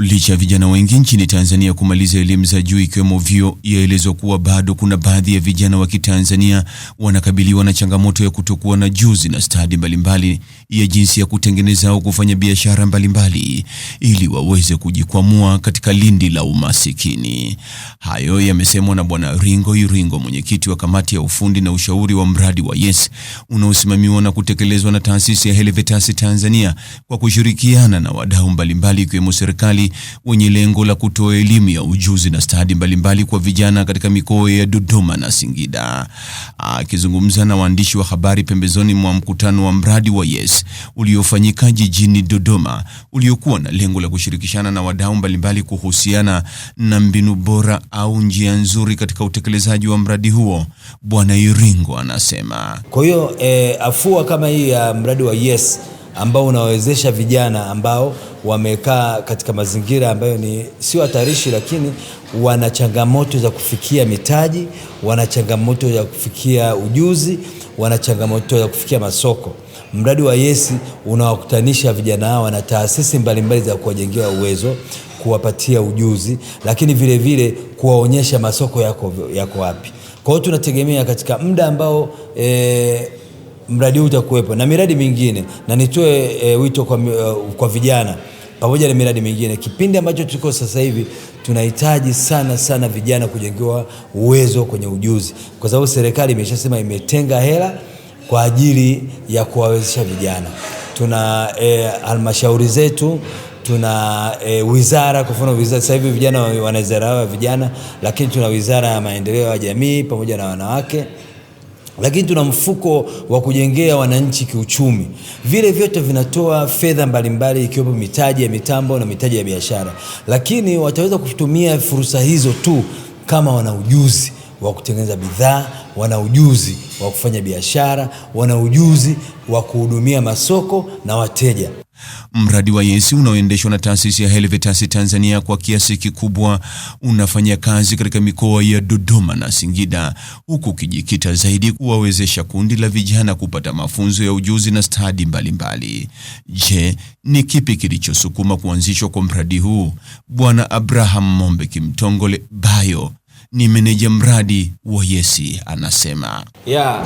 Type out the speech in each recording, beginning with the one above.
Licha ya vijana wengi nchini Tanzania kumaliza elimu za juu ikiwemo vyuo, yaelezwa kuwa bado kuna baadhi ya vijana wa Kitanzania wanakabiliwa na changamoto ya kutokuwa na juzi na stadi mbalimbali ya jinsi ya kutengeneza au kufanya biashara mbalimbali ili waweze kujikwamua katika lindi la umasikini. Hayo yamesemwa na Bwana Ringo Iringo, mwenyekiti wa kamati ya ufundi na ushauri wa mradi wa YES unaosimamiwa na kutekelezwa na taasisi ya Helvetas Tanzania kwa kushirikiana na wadau mbalimbali ikiwemo serikali serikali wenye lengo la kutoa elimu ya ujuzi na stadi mbalimbali kwa vijana katika mikoa ya Dodoma na Singida. Akizungumza na waandishi wa habari pembezoni mwa mkutano wa mradi wa YES uliofanyika jijini Dodoma, uliokuwa na lengo la kushirikishana na wadau mbalimbali kuhusiana na mbinu bora au njia nzuri katika utekelezaji wa mradi huo, Bwana Iringo anasema. Kwa hiyo eh, afua kama hii ya mradi wa YES ambao unawawezesha vijana ambao wamekaa katika mazingira ambayo ni sio hatarishi, lakini wana changamoto za kufikia mitaji, wana changamoto ya kufikia ujuzi, wana changamoto ya kufikia masoko. Mradi wa Yesi unawakutanisha vijana hawa na taasisi mbalimbali za kuwajengea uwezo, kuwapatia ujuzi, lakini vile vile kuwaonyesha masoko yako yako wapi. Kwa hiyo tunategemea katika muda ambao e, mradi huu utakuwepo na miradi mingine, na nitoe e, wito kwa, uh, kwa vijana pamoja na miradi mingine. Kipindi ambacho tuko sasa hivi tunahitaji sana sana vijana kujengewa uwezo kwenye ujuzi, kwa sababu serikali imeshasema imetenga hela kwa ajili ya kuwawezesha vijana. Tuna e, halmashauri e, zetu tuna e, wizara kwa mfano wizara sasa hivi vijana wana wizara vijana, lakini tuna wizara ya maendeleo ya jamii pamoja na wanawake lakini tuna mfuko wa kujengea wananchi kiuchumi. Vile vyote vinatoa fedha mbalimbali, ikiwepo mitaji ya mitambo na mitaji ya biashara, lakini wataweza kutumia fursa hizo tu kama wana ujuzi wa kutengeneza bidhaa, wana ujuzi wa kufanya biashara, wana ujuzi wa kuhudumia masoko na wateja. Mradi wa yesi unaoendeshwa na taasisi ya Helvetas Tanzania kwa kiasi kikubwa unafanya kazi katika mikoa ya Dodoma na Singida, huku ukijikita zaidi kuwawezesha kundi la vijana kupata mafunzo ya ujuzi na stadi mbalimbali. Je, ni kipi kilichosukuma kuanzishwa kwa mradi huu? Bwana Abraham Mombe Kimtongole Bayo ni meneja mradi wa Yes anasema yeah,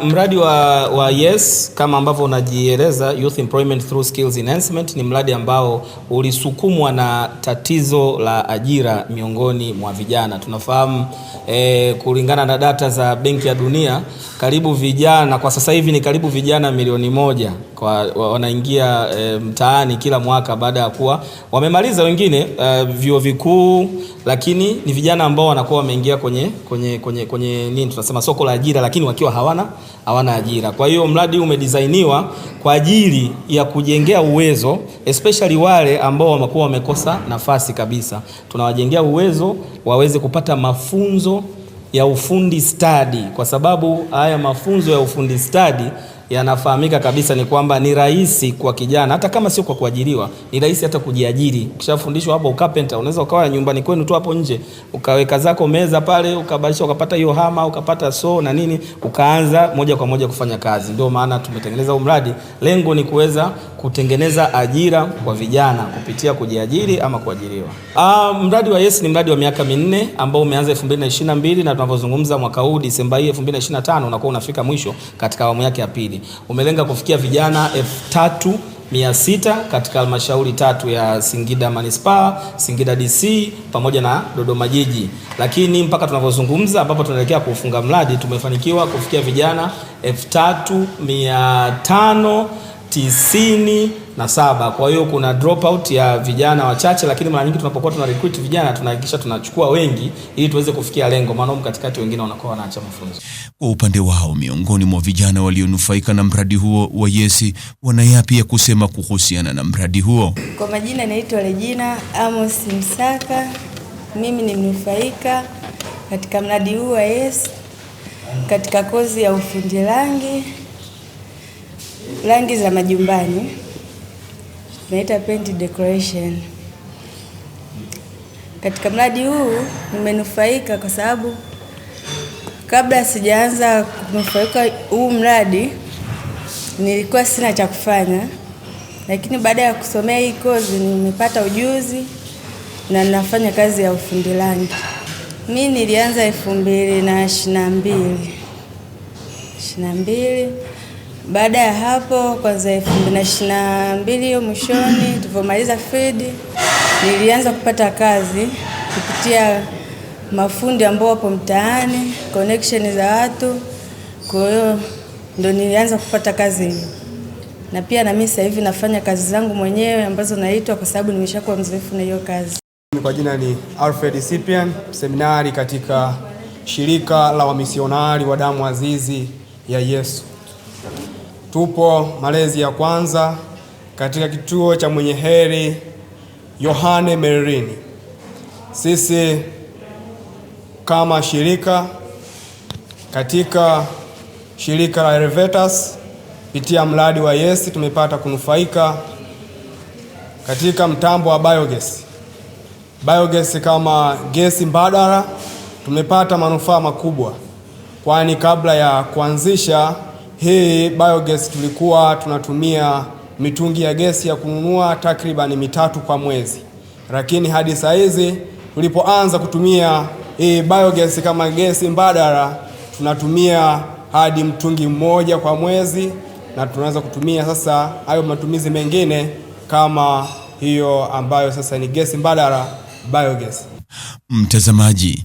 um, mradi wa, wa Yes kama ambavyo unajieleza Youth Employment Through Skills Enhancement ni mradi ambao ulisukumwa na tatizo la ajira miongoni mwa vijana. Tunafahamu eh, kulingana na data za Benki ya Dunia karibu vijana kwa sasa hivi ni karibu vijana milioni moja kwa wanaingia e, mtaani kila mwaka baada ya kuwa wamemaliza wengine e, vyuo vikuu, lakini ni vijana ambao wanakuwa wameingia kwenye kwenye kwenye kwenye nini tunasema soko la ajira, lakini wakiwa hawana hawana ajira. Kwa hiyo mradi umedesainiwa kwa ajili ya kujengea uwezo especially wale ambao wamekuwa wamekosa nafasi kabisa, tunawajengea uwezo waweze kupata mafunzo ya ufundi stadi, kwa sababu haya mafunzo ya ufundi stadi yanafahamika kabisa ni kwamba ni rahisi kwa kijana, hata kama sio kwa kuajiriwa, ni rahisi hata kujiajiri. Ukishafundishwa hapo ukapenta, unaweza ukawa nyumbani kwenu tu hapo nje ukaweka zako meza pale, ukabadilisha, ukapata hiyo hama, ukapata so na nini, ukaanza moja kwa moja kufanya kazi. Ndio maana tumetengeneza huu mradi, lengo ni kuweza kutengeneza ajira kwa vijana kupitia kujiajiri ama kuajiriwa. Ah, mradi wa Yes ni mradi wa miaka minne ambao umeanza 2022 na tunavyozungumza mwaka huu Disemba hii 2025 unakuwa unafika mwisho katika awamu yake ya pili. Umelenga kufikia vijana elfu tatu mia sita katika halmashauri tatu ya Singida Manispaa, Singida DC pamoja na Dodoma Jiji. Lakini mpaka tunavyozungumza ambapo tunaelekea kufunga mradi tumefanikiwa kufikia vijana 3500 tisini na saba. Kwa hiyo kuna dropout ya vijana wachache, lakini mara nyingi tunapokuwa tuna recruit vijana tunahakikisha tunachukua wengi ili tuweze kufikia lengo, maana katikati wengine wanakuwa wanaacha mafunzo. Kwa upande wao, miongoni mwa vijana walionufaika na mradi huo wa Yesi wana yapi ya kusema kuhusiana na mradi huo? Kwa majina naitwa Regina Amos Msaka, mimi ni mnufaika katika mradi huu wa Yesi katika kozi ya ufundi rangi rangi za majumbani naita paint decoration. Katika mradi huu nimenufaika kwa sababu kabla sijaanza kunufaika huu mradi nilikuwa sina cha kufanya, lakini baada ya kusomea hii kozi nimepata ujuzi na nafanya kazi ya ufundi rangi. Mi nilianza elfu mbili na ishirini na mbili ishirini na mbili baada ya hapo, kwanza elfu mbili na ishirini na mbili hiyo mwishoni, tulivyomaliza field, nilianza kupata kazi kupitia mafundi ambao wapo mtaani, connection za watu. Kwa hiyo ndo nilianza kupata kazi hiyo, na pia na mimi sasa hivi nafanya kazi zangu mwenyewe ambazo naitwa, kwa sababu nimeshakuwa mzoefu na hiyo kazi. Kwa jina ni Alfred Cyprian, seminari katika shirika la wamisionari wa damu azizi ya Yesu. Tupo malezi ya kwanza katika kituo cha mwenye heri Yohane Merini. Sisi kama shirika katika shirika la Revetas kupitia mradi wa Yesi tumepata kunufaika katika mtambo wa biogas. Biogas kama gesi mbadala tumepata manufaa makubwa, kwani kabla ya kuanzisha hii biogas tulikuwa tunatumia mitungi ya gesi ya kununua takribani mitatu kwa mwezi, lakini hadi saa hizi tulipoanza kutumia hii biogas kama gesi mbadala tunatumia hadi mtungi mmoja kwa mwezi, na tunaweza kutumia sasa hayo matumizi mengine kama hiyo ambayo sasa ni gesi mbadala biogas. Mtazamaji,